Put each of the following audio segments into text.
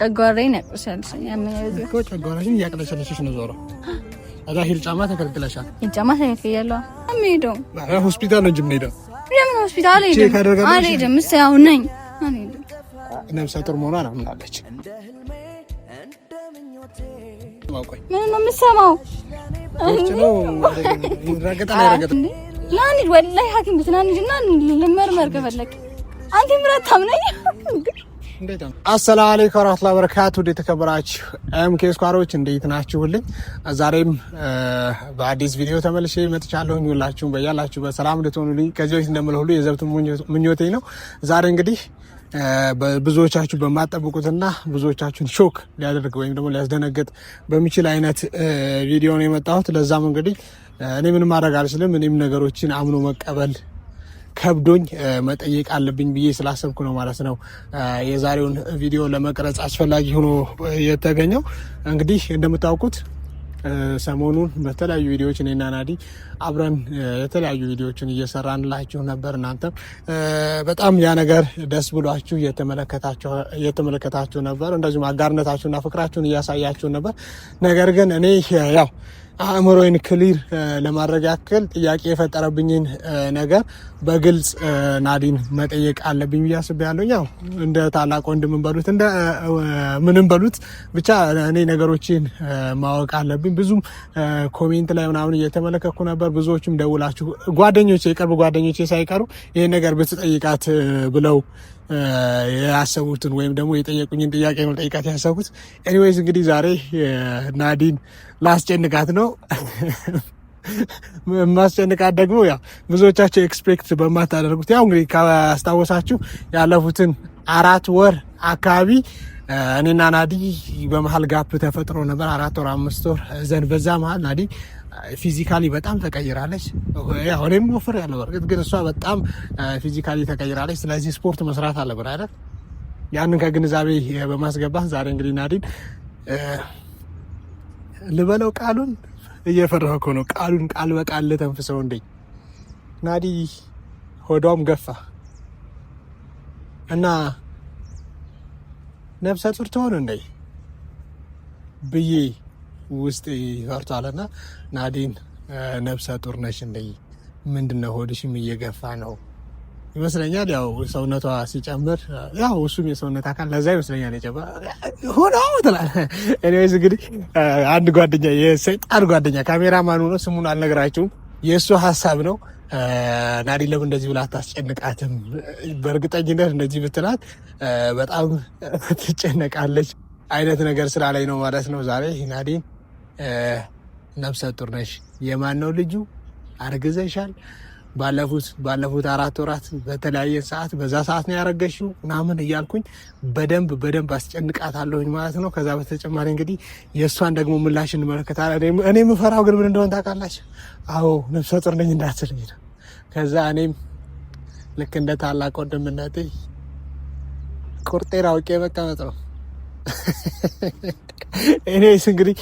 ጨጓራዬን ያቅርሻልሽኝ እኮ ጨጓራሽን እያቅለሸለሸሽ ነው። ዞሮ እዛ ሂል ጫማ ተከልክለሻል። ሂል ጫማ ተከልክያለሁ። ሆስፒታል ነው እንጂ የምንሄደው። ለምን ሆስፒታል አልሄድም፣ አልሄድም። እስኪ አሁን ነኝ አልሄድም። ጡር መሆኗን አምናለች። ነው የምትሰማው። ወላሂ እና ልመርመር ከፈለግ አንተ ምረታም ነኝ አሰላም አለይኩም ወራህመቱላሂ ወበረካቱ። ውድ የተከበራችሁ ኤምኬ ስኳሮች እንዴት ናችሁልኝ? ዛሬም በአዲስ ቪዲዮ ተመልሼ መጥቻለሁኝ። ሁላችሁም በያላችሁ በሰላም እንድትሆኑልኝ ከዚህ በፊት እንደምለው ሁሉ የዘብት ምኞቴ ነው። ዛሬ እንግዲህ ብዙዎቻችሁ በማጠብቁትና ብዙዎቻችሁን ሾክ ሊያደርግ ወይም ደግሞ ሊያስደነግጥ በሚችል አይነት ቪዲዮ ነው የመጣሁት። ለዛም እንግዲህ እኔ ምንም ማድረግ አልችልም። እኔም ነገሮችን አምኖ መቀበል ከብዶኝ መጠየቅ አለብኝ ብዬ ስላሰብኩ ነው ማለት ነው የዛሬውን ቪዲዮ ለመቅረጽ አስፈላጊ ሆኖ የተገኘው። እንግዲህ እንደምታውቁት ሰሞኑን በተለያዩ ቪዲዮዎች እኔና ናዲ አብረን የተለያዩ ቪዲዮዎችን እየሰራንላችሁ ነበር። እናንተም በጣም ያ ነገር ደስ ብሏችሁ እየተመለከታችሁ ነበር። እንደዚሁም አጋርነታችሁና ፍቅራችሁን እያሳያችሁ ነበር። ነገር ግን እኔ ያው አእምሮዬን ክሊር ለማድረግ ያክል ጥያቄ የፈጠረብኝን ነገር በግልጽ ናዲን መጠየቅ አለብኝ ብዬ አስቤያለሁ። ያው እንደ ታላቅ ወንድ በሉት እንደ ምንም በሉት ብቻ እኔ ነገሮችን ማወቅ አለብኝ። ብዙም ኮሜንት ላይ ምናምን እየተመለከኩ ነበር። ብዙዎችም ደውላችሁ ጓደኞች የቅርብ ጓደኞቼ ሳይቀሩ ይህን ነገር ብትጠይቃት ብለው ያሰቡትን ወይም ደግሞ የጠየቁኝን ጥያቄ ነው ጠይቃት ያሰቡት። ኤኒዌይዝ እንግዲህ ዛሬ ናዲን ላስጨንቃት ነው። የማስጨንቃት ደግሞ ያው ብዙዎቻቸው ኤክስፔክት በማታደርጉት ያው እንግዲህ ካስታወሳችሁ ያለፉትን አራት ወር አካባቢ እኔና ናዲ በመሀል ጋፕ ተፈጥሮ ነበር። አራት ወር አምስት ወር ዘን በዛ መሀል ናዲ ፊዚካሊ በጣም ተቀይራለች። ያው እኔም ወፍር ያለው በርግጥ ግን እሷ በጣም ፊዚካሊ ተቀይራለች። ስለዚህ ስፖርት መስራት አለብን አይደል? ያንን ከግንዛቤ በማስገባት ዛሬ እንግዲህ ናዲን ልበለው ቃሉን እየፈራሁ እኮ ነው። ቃሉን ቃል በቃል ልተንፍሰው እንደኝ ናዲ ሆዷም ገፋ እና ነፍሰ ጡር ትሆን እንደ ብዬ ውስጥ ይፈርቷልና ናዲን ነፍሰ ጡር ነሽ እንደ ምንድነው ሆድሽም እየገፋ ነው ይመስለኛል ያው ሰውነቷ ሲጨምር ያው እሱም የሰውነት አካል ለዛ ይመስለኛል የጨምር ሆኖ ትላለህ። ኤኒዌይስ እንግዲህ አንድ ጓደኛ የሰይጣን ጓደኛ ካሜራማን ሆኖ ስሙን አልነግራችሁም፣ የእሱ ሀሳብ ነው። ናዲ ለምን እንደዚህ ብላ አታስጨንቃትም? በእርግጠኝነት እንደዚህ ብትላት በጣም ትጨነቃለች አይነት ነገር ስራ ላይ ነው ማለት ነው። ዛሬ ናዲ ነፍሰ ጡር ነሽ፣ የማን ነው ልጁ? አርግዘሻል ባለፉት ባለፉት አራት ወራት በተለያየ ሰዓት በዛ ሰዓት ነው ያረገሽው ምናምን እያልኩኝ በደንብ በደንብ አስጨንቃታለሁኝ ማለት ነው። ከዛ በተጨማሪ እንግዲህ የእሷን ደግሞ ምላሽ እንመለከታለን። እኔ የምፈራው ግን ምን እንደሆነ ታውቃላችሁ? አዎ ነፍሰ ጡር ነኝ ነው። ከዛ እኔም ልክ እንደ ታላቅ ወንድምነቴ ቁርጤን አውቄ መቀመጥ ነው። እኔስ እንግዲህ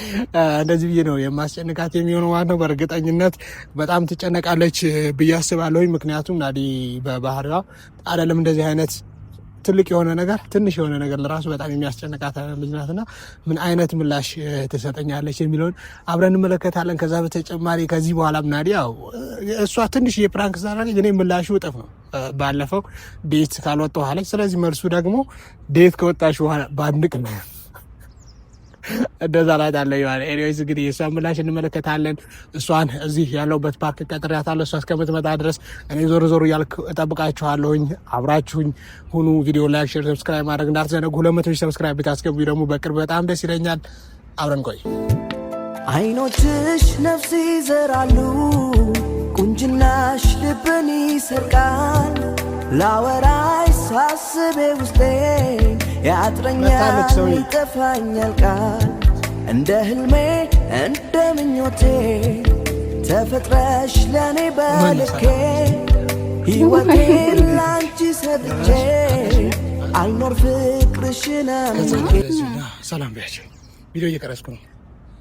እንደዚህ ብዬ ነው የማስጨንቃት የሚሆነው ማለት ነው። በእርግጠኝነት በጣም ትጨነቃለች ብዬ አስባለሁ። ምክንያቱም ናዲ በባህሪዋ አይደለም እንደዚህ አይነት ትልቅ የሆነ ነገር ትንሽ የሆነ ነገር ለራሱ በጣም የሚያስጨንቃት ልጅ ናትና ምን አይነት ምላሽ ትሰጠኛለች የሚለውን አብረን እንመለከታለን። ከዛ በተጨማሪ ከዚህ በኋላ ምናዲ ያው እሷ ትንሽ የፕራንክ ዛራለች፣ እኔ ምላሹ እጥፍ ነው። ባለፈው ቤት ካልወጣ ኋላች፣ ስለዚህ መልሱ ደግሞ ቤት ከወጣሽ በኋላ በአንድ ነው እንደዛ ላይ ታለ ይዋል ኤኒዌይስ እንግዲህ የእሷን ምላሽ እንመለከታለን። እሷን እዚህ ያለውበት ፓርክ ቀጥሬያታለሁ። እሷ እስከምትመጣ ድረስ እኔ ዞር ዞር እያልኩ እጠብቃችኋለሁኝ። አብራችሁኝ ሁኑ። ቪዲዮ ላይክ፣ ሼር፣ ሰብስክራይብ ማድረግ እንዳትዘነጉ። ሁለት መቶ ሺህ ሰብስክራይብ ብታስገቡ ደግሞ በቅርብ በጣም ደስ ይለኛል። አብረን ቆይ። አይኖችሽ ነፍስ ይዘራሉ፣ ቁንጅናሽ ልብን ይሰርቃል። ላወራሽ ሳስቤ ውስጤ ያጥረኛል ይጠፋኛል ቃል እንደ ህልሜ እንደ ምኞቴ ተፈጥረሽ ለኔ በልኬ ሕይወቴን ላንቺ ሰጥቼ አልኖር ፍቅርሽን ሰላም ቢያቸው ቪዲዮ እየቀረጽኩ ነው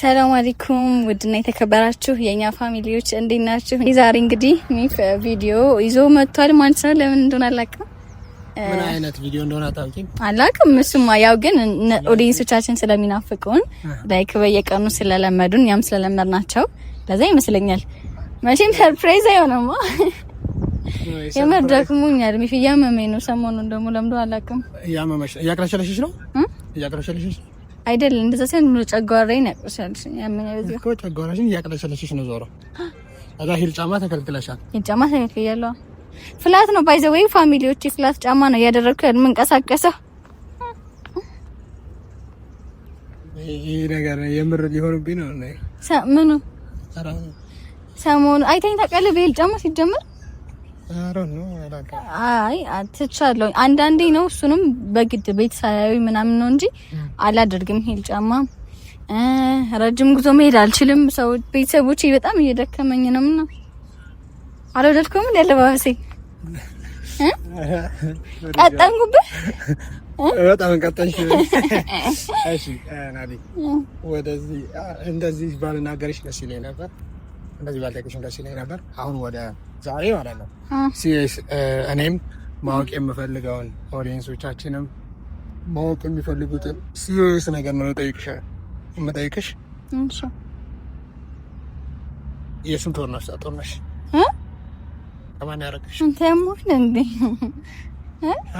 ሰላም አለይኩም ውድና የተከበራችሁ የኛ ፋሚሊዎች እንዴት ናችሁ? ዛሬ እንግዲህ ሚፍ ቪዲዮ ይዞ መጥቷል ማለት ነው። ለምን እንደሆነ አላውቅም። ምን አይነት ቪዲዮ እንደሆነ አታውቂም? አላውቅም። እሱማ ያው ግን ኦዲየንሶቻችን ስለሚናፍቁን ላይክ በየቀኑ ስለለመዱን ያም ስለለመድናቸው ለዛ ይመስለኛል። መቼም ሰርፕራይዝ አይሆንማ። የምር ደክሞኛል። ሚፍ እያመመኝ ነው። ሰሞኑን ደግሞ ለምዶ አላውቅም። እያመመሽ እያቅለሸለሸሽ ነው እያቅለሸለሸሽ አይደል? እንደዛ ሳይሆን ነው ጨጓራዬን ያቅለሸልሽኝ ያመኛል እኮ ጨጓራሽን እያቅለሸለሽሽ ነው ዞሮ አዛ ሂል ጫማ ተከልክለሻል ሂል ጫማ ተከልክያለሁ ፍላት ነው ባይ ዘ ዌይ ፋሚሊዎች ፍላት ጫማ ነው እያደረግኩ የምንቀሳቀሰው ይሄ ነገር የምር ሊሆንብኝ ነው ምኑ ሰሞኑን አይተኝ ታውቃለህ በሂል ጫማ ሲጀምር አይ ትቻለሁ። አንዳንዴ ነው እሱንም በግድ ቤት ሳያዩ ምናምን ነው እንጂ አላደርግም። ሂል ጫማ ረጅም ጉዞ መሄድ አልችልም። ሰው ቤተሰቦቼ በጣም እየደከመኝ ነው ምና አልወደድኩም። እንደ አለባበሴ ቀጠንኩብህ። በጣም ቀጠንሽ። እሺ ናዲ፣ ወደዚህ እንደዚህ ባልናገርሽ ደስ ይለኝ ነበር። እንደዚህ ባልጠቀሽ ደስ ይለኝ ነበር። አሁን ወደ ዛሬ ማለት ነው ሲስ እኔም ማወቅ የምፈልገውን ኦዲየንሶቻችንም ማወቅ የሚፈልጉትን ሲስ ነገር ነው የምጠይቅሽ። የስንት ወር ነፍሰ ጡር ነሽ? ከማን ያደረግሽ?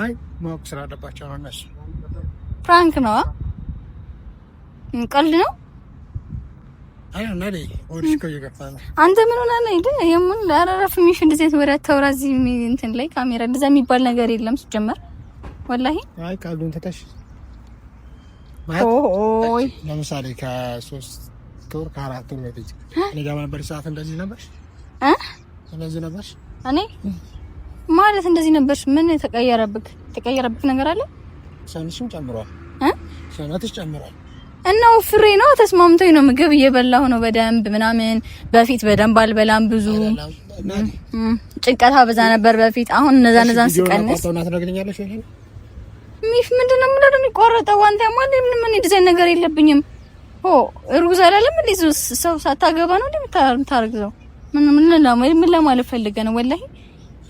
አይ ማወቅ ስላለባቸው ነው እነሱ። ፍራንክ ነው፣ ቀልድ ነው አንተ ምን ሆነህ ነው? እንደ የሙን ለአራራፍ ምሽ እንደዚህ አይነት ወሬ አታውራ። እዚህ እንትን ላይ ካሜራ እንደዛ የሚባል ነገር የለም ሲጀመር። ወላሂ አይ ቃሉን ተታሽ ኦይ ለምሳሌ ከሶስት ከወር ከአራት ወር በፊት እኔ ጋር ነበር። ሰዓት እንደዚህ ነበርሽ እ እንደዚህ ነበርሽ እኔ ማለት እንደዚህ ነበርሽ። ምን ተቀየረብክ? ተቀየረብክ ነገር አለ። ሰውነትሽም ጨምሯል እ ሰውነትሽ ጨምሯል እና ወፍሬ ነው ተስማምቶኝ ነው። ምግብ እየበላሁ ነው በደንብ ምናምን። በፊት በደንብ አልበላም ብዙ ጭንቀታ በዛ ነበር በፊት። አሁን እነዛ እነዛን ስቀንስ ሚፍ ምንድን ነው የምለው የሚቆረጠው ዋንታ ማለት ምን ምን ዲዛይን ነገር የለብኝም። ኦ እርጉዝ አይደለም እንዴ? ሰው ሳታገባ ነው እንዴ የምታረግዘው? ምን ምን ምን ለማለት ፈልገህ ነው? ወላሂ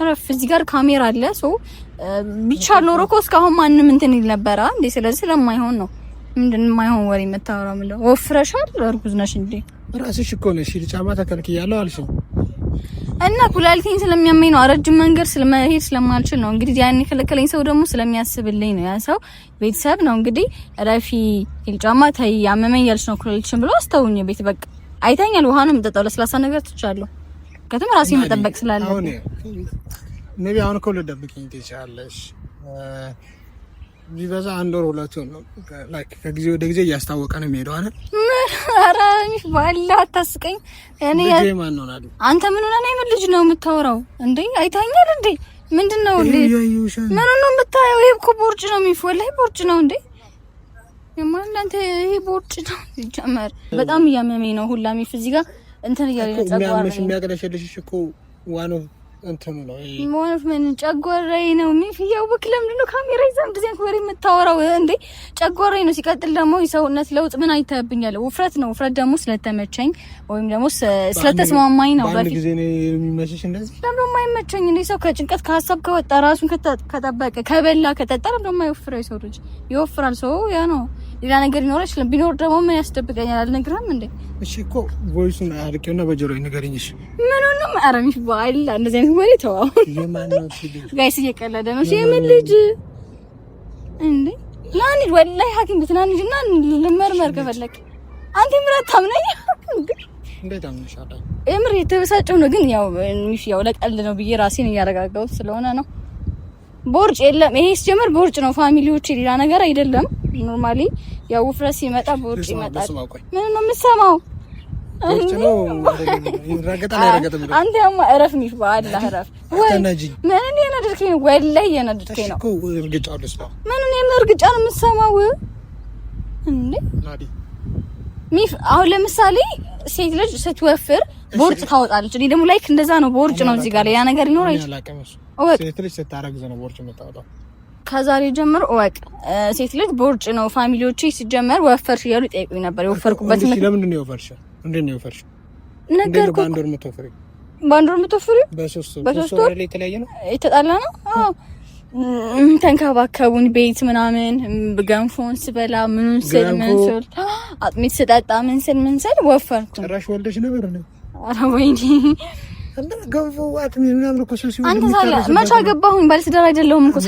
ረፍ እዚህ ጋር ካሜራ አለ። ሶ ቢቻል ኖሮ እኮ እስካሁን ማንም እንትን ይል ነበረ እንዴ። ስለዚህ ስለማይሆን ነው ምንድን የማይሆን ወሬ የምታወራው? ምለው ወፍረሻል፣ እርጉዝ ነሽ እንዴ? ራስሽ እኮ ነሽ ጫማ ተከልክያለሁ አልሽኝ እና ኩላሊቴን ስለሚያመኝ ነው። ረጅም መንገድ ስለመሄድ ስለማልችል ነው። እንግዲህ ያን የከለከለኝ ሰው ደግሞ ስለሚያስብልኝ ነው። ያ ሰው ቤተሰብ ነው። እንግዲህ ረፊ ጫማ ተይ ያመመኝ ያልሽ ነው ኩላሊትሽን ብሎ አስተውኝ። ቤት በቃ አይታኛል። ውሃ ነው የምጠጣው፣ ለስላሳ ነገር ትቻለሁ። ከተም ራሴን መጠበቅ ስላለብኝ ነቢ አሁን እኮ ልደብቅኝ ትችያለሽ ቢበዛ አንድ ወር ሁለት ወር ነው። ላይክ ከጊዜ ወደ ጊዜ እያስታወቀ ነው የሚሄደው አይደል? ኧረ ባላ አታስቀኝ። እኔ ነው አንተ ምን ሆነ ነው ልጅ ነው የምታወራው እንዴ? አይታኛል እንዴ? ምንድነው እንዴ? ምን ነው የምታየው? ይሄ እኮ ቦርጭ ነው የሚፈለህ ቦርጭ ነው እንዴ? የማን አንተ ይሄ ቦርጭ ነው ይጀመር። በጣም እያመመኝ ነው ሁላ ሚፍ እዚህ ጋር እንትን እያለ ነው ጸባው። እኮ ዋኖ እንትኑ ነው ማለት ምን ጨጓራዬ ነው የሚያውቅ። ለምንድን ነው ካሜራ ይዘህ እንደዚህ ወሬ የምታወራው እንዴ? ጨጓራዬ ነው። ሲቀጥል ደግሞ የሰውነት ለውጥ ምን አይተብኛል? ውፍረት ነው። ውፍረት ደግሞ ስለተመቸኝ ወይም ደግሞ ስለተስማማኝ ነው። በፊት ጊዜ ነው የሚመችሽ እንደዚህ። ለምን የማይመቸኝ እንዴ? ሰው ከጭንቀት ከሀሳብ ከወጣ ራሱን ከጠበቀ ከበላ ከጠጣ ለምን የማይወፍረው? የሰው ልጅ ይወፍራል። ሰው ያ ነው ሌላ ነገር ሊኖር ይችላል። ቢኖር ደግሞ ምን ያስደብቀኛል? አልነግርህም እንዴ? እሺ እኮ ቮይሱን አርቄውና በጆሮዬ ንገረኝሽ። ምን ነው ማረምሽ ባይል እንደዚህ አይነት ወሬ ተዋው። ጋይስ እየቀለደ ነው። እሺ የምን ልጅ እንዴ? ላንድ ወላይ ሐኪም ብትናን ላንድ እና ልመርመር ከፈለክ አንተ ምራት ታምነኝ እንዴ? አምነሻለሁ? የምር የተበሳጨው ነው ግን ያው ያው ለቀልድ ነው ብዬ ራሴን እያረጋጋሁት ስለሆነ ነው። ቦርጭ የለም። ይሄ ሲጀምር ቦርጭ ነው ፋሚሊዎች፣ ሌላ ነገር አይደለም። ኖርማሊ ያው ውፍረት ሲመጣ ቦርጭ ይመጣል። ምን ነው የምትሰማው? አንተ ያማ እረፍ ሚሽ በአላህ እረፍ። ወይ ምን የነድርከኝ ነው? ወላሂ የነድርከኝ ነው። ምን እኔም እርግጫ ነው የምትሰማው እንዴ ሚፍ። አሁን ለምሳሌ ሴት ልጅ ስትወፍር ቦርጭ ታወጣለች። እኔ ደግሞ ላይክ እንደዛ ነው፣ ቦርጭ ነው እዚህ ጋር ያ ነገር ይኖር ከዛሬ ጀምሮ እወቅ፣ ሴት ልጅ ቦርጭ ነው። ፋሚሊዎቼ ሲጀመር ወፈርሽ እያሉ ይጠይቁኝ ነበር። የወፈርኩበት ለምንድን ነው የወፈርሽው? እንዴት ነው የወፈርሽው? ነገር በአንድ ወር የምትወፍሪው በአንድ ወር የምትወፍሪው በሶስት ወር የተለያየ ነው የተጣላ ነው። አዎ ተንከባከቡን ቤት ምናምን ገንፎን ስበላ ምኑን ስል ምን ስል አጥሚት ስጠጣ ምን ስል ምን ስል ወፈርኩ። ጭራሽ ወልደሽ ነበር ነው መች አገባሁኝ? ባለትዳር አይደለሁም እኮ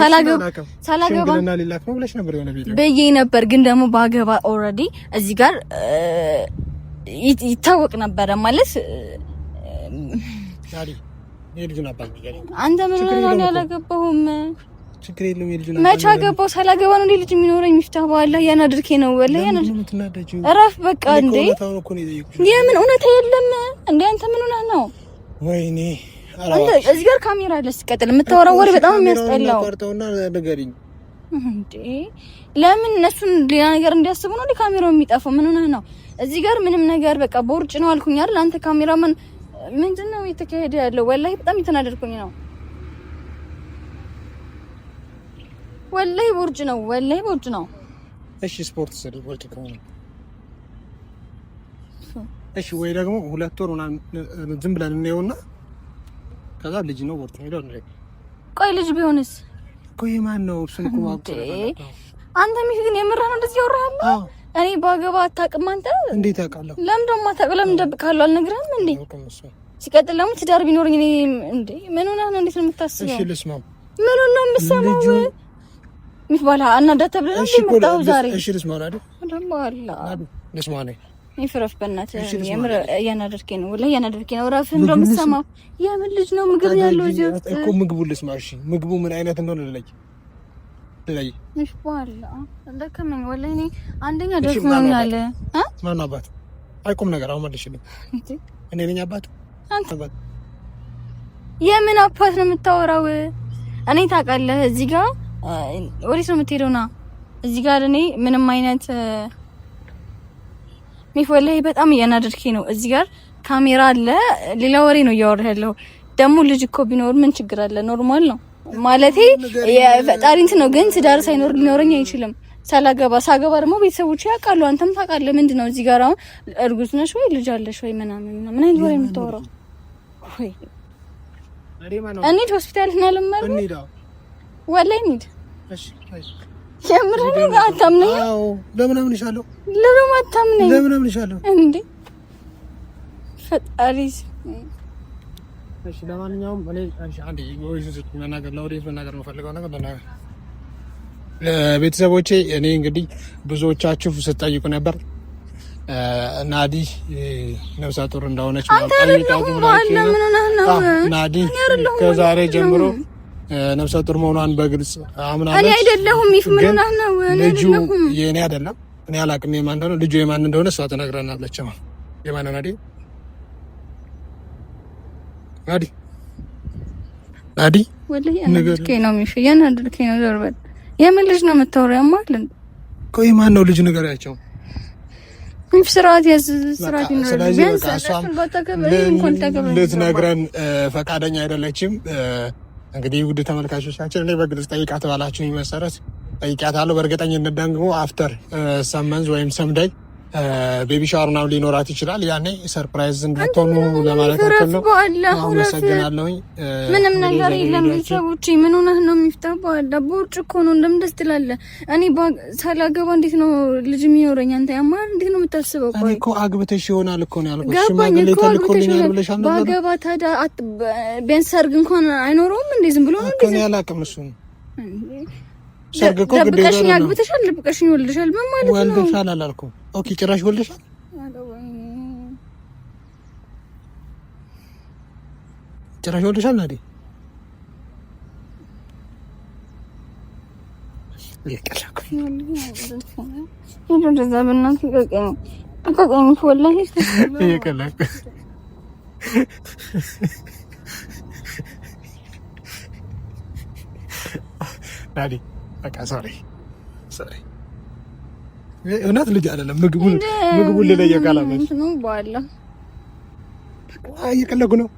ብዬ ነበር። ግን ደግሞ ባገባ ኦልሬዲ እዚህ ጋር ይታወቅ ነበረ ማለት አንተ ምን ያላገባሁም ችግር የለም። የልጅ ነው መቻ ገባው ሳላገባ ነው ልጅ የሚኖረኝ ሚፍታ በኋላ ያናድርኬ ነው ወላ እረፍ በቃ። እንዴ የምን እውነታ የለም እንዴ አንተ ምን ሆነህ ነው? ወይኔ እዚህ ጋር ካሜራ አለ። ሲቀጥል የምታወራው ወሬ በጣም የሚያስጠላው ቀርተውና እንዴ ለምን እነሱን ሌላ ነገር እንዲያስቡ ነው ካሜራው የሚጠፋው? ምን ሆነህ ነው? እዚህ ጋር ምንም ነገር በቃ ቦርጭ ነው አልኩኝ አይደል? አንተ ካሜራማን ምንድን ነው የተካሄደ ያለው? ወላሂ በጣም የተናደድኩኝ ነው። ወላይ ቦርጅ ነው፣ ወላይ ቦርጅ ነው። እሺ ስፖርት ስር ወልክ ከሆነ እሺ፣ ወይ ደግሞ ሁለት ወር ምናምን ዝም ብለን እንየውና ከዛ ልጅ ነው ወርት ነው ነው። ቆይ ልጅ ቢሆንስ? ቆይ ማን ነው እሱን? አንተ ሚህ ግን የምራ ነው እንደዚህ ያወራሃል? እኔ ባገባ አታውቅም አንተ? እንዴት አውቃለሁ? ለምን ደግሞ አታውቅም? ለምን ደብቃለሁ? አልነግርህም እንዴ? ሲቀጥል ለምን ትዳር ቢኖርኝ እኔ እንዴ ምን ሆነህ ነው? እንዴት ነው የምታስበው? እሺ ልስማም። ምን ነው የምሰማው? ሚባላ እና ዳታ ብለን እንዴ ዛሬ እሺ፣ ልስማ ነው አይደል? ደግሞ አላ ልስማ ነው ይፍረፍ በእናትህ የምር እያናደርኬ ነው ወላሂ እያናደርኬ ነው። እራፍህ እንደው የምትሰማው የምን ልጅ ነው? ምግብ ያለው እዚህ ውስጥ እኮ ምግቡ ልስማ። እሺ፣ ምግቡ ምን አይነት እንደሆነ ልለይ ልለይ። እሺ፣ በኋላ ደከመኝ ወላሂ። እኔ አንደኛ ደክሞኛል። አ ማን አባት አይቆም ነገር አሁን መልሽልኝ። እኔ ነኝ አባት። አንተ የምን አባት ነው የምታወራው? እኔ ታውቃለህ እዚህ ጋር ወዴት ነው የምትሄደው? ና እዚህ ጋር እኔ ምንም አይነት ሚፎል በጣም እያናደድኬ ነው። እዚህ ጋር ካሜራ አለ፣ ሌላ ወሬ ነው እያወራ ያለው። ደግሞ ልጅ እኮ ቢኖር ምን ችግር አለ? ኖርማል ነው ማለቴ የፈጣሪንት ነው። ግን ትዳር ሳይኖር ሊኖረኝ አይችልም። ሳላገባ ሳገባ ደግሞ ቤተሰቦች ያውቃሉ፣ አንተም ታውቃለህ። ምንድን ነው እዚህ ጋር አሁን እርጉዝ ነሽ ወይ ልጅ አለሽ ወይ ምናምን ምን አይነት ወሬ የምታወራው? ወይ እንሂድ ሆስፒታል እና ልመርመር ወላሂ እንሂድ። እሺ የምር ነው። አታምነኝ? አዎ። ለምን አምንሻለሁ? ለምን አታምነኝ? ለምን አምንሻለሁ? እንዴ ፈጣሪ። እሺ ለማንኛውም እኔ አንዴ መናገር ለወዴት መናገር የምፈልገው ነገር ቤተሰቦቼ እኔ እንግዲህ ብዙዎቻችሁ ስትጠይቁ ነበር ናዲ ነብሰ ጡር እንደሆነች ናዲ ከዛሬ ጀምሮ ነፍሰ ጡር መሆኗን በግልጽ አምናለች። እኔ አይደለሁም ይፍምልናል ነው ልጁ የእኔ አይደለም። እኔ አላቅም የማን እንደሆነ ልጁ የማን እንደሆነ እሷ ተናግረናለች። የማን ናዲ ናዲ ናዲ ወላሂ ነው ሚሽ ያናድርክ ነው ዘርበት የምን ልጅ ነው የምታወራው? ያማልን ቆይ ማን ነው ልጁ ንገሪያቸው። ስርዓት ስርዓት ልትነግረን ፈቃደኛ አይደለችም። እንግዲህ ውድ ተመልካቾቻችን እኔ በግልጽ ጠይቃት ባላችሁኝ መሰረት ጠይቂያታለሁ። በእርግጠኝነት ደግሞ አፍተር ሰመንዝ uh, ወይም ሰምደይ ቤቢ ሻወር ምናምን ሊኖራት ይችላል። ያኔ ሰርፕራይዝ እንድትሆኑ ለማለት ያክል ነው። አመሰግናለሁኝ። ምንም ነገር የለም ቤተሰቦች። ምን ሆነህ ነው የሚፍታህ? በኋላ በውጭ እኮ ነው እንደምን ደስ ትላለህ። እኔ ሳላገባ እንዴት ነው ልጅ የሚኖረኝ? አንተ ያማር እንዴት ነው የምታስበው? እኔ እኮ አግብተሽ ይሆናል እኮ ነው ያልኩት። ሽማግሌ ተልኮልኛል ብለሻል። ባገባ ታዲያ ቢያንስ ሰርግ እንኳን አይኖረውም እንዴ? ዝም ብሎ ነው እንዴ? ያላቅም እሱን ሰርግ እኮ ግዴታ ነው። ደብቀሽኝ አግብተሻል፣ ደብቀሽኝ ወልደሻል። ምን ማለት ነው? ወልደሻል አላልኩም ኦኬ፣ ጭራሽ ወልደሻል? ጭራሽ ወልደሻል? ናዴ ናዴ በቃ ሶሪ ሶሪ እውነት ልጅ አይደለም። ምግቡ ምግቡ ልለየው ካላመንሽ ነው በኋላ ነው። በቃ አልሰራም። ነው።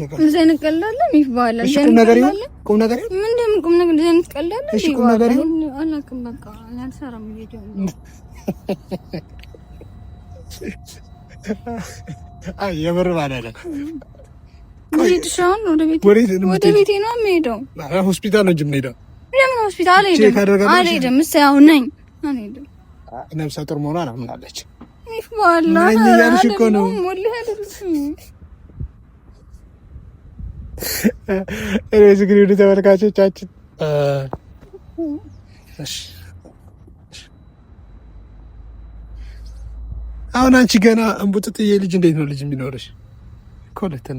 ነው ሆስፒታል ነው እንጂ የምሄደው ሆስፒታል ሄደም አልሄድም። እስኪ አሁን ነኝ አልሄድም። ነብሰ ጡር መሆኗን አምናለች። እያልሽ እኮ ነው። እንግዲህ ወደ ተመልካቾቻችን አሁን አንቺ ገና እንቡጥጥዬ ልጅ እንዴት ነው ልጅ የሚኖርሽ ኮለትን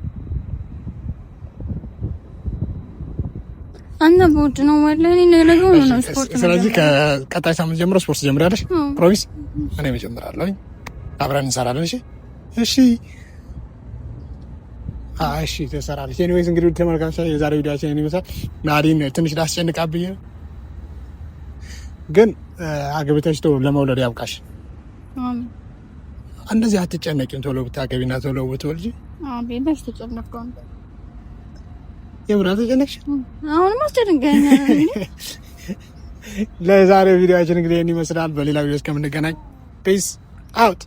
እና በውድ ነው ማለት ነው። ነገ ነው ስፖርት። ስለዚህ ከቀጣይ ሳምንት ጀምሮ ስፖርት ፕሮሚስ። እኔም አብረን እንሰራለን። እሺ፣ እሺ፣ እሺ፣ ትሰራለች። ኤኒዌይስ እንግዲህ የዛሬ ይመስላል። ናዲን ትንሽ ላስጨንቃብኝ፣ ግን አግብተሽ ቶሎ ለመውለድ ያብቃሽ። እንደዚህ አትጨነቂም። ቶሎ ብታገቢና ቶሎ ብትወልጂ። የምራ ተጨነቅሽ? አሁንም አስጨንቀኛል። ለዛሬ ቪዲዮአችን እንግዲህ ይመስላል። በሌላ ቪዲዮ እስከምንገናኝ ፒስ አውት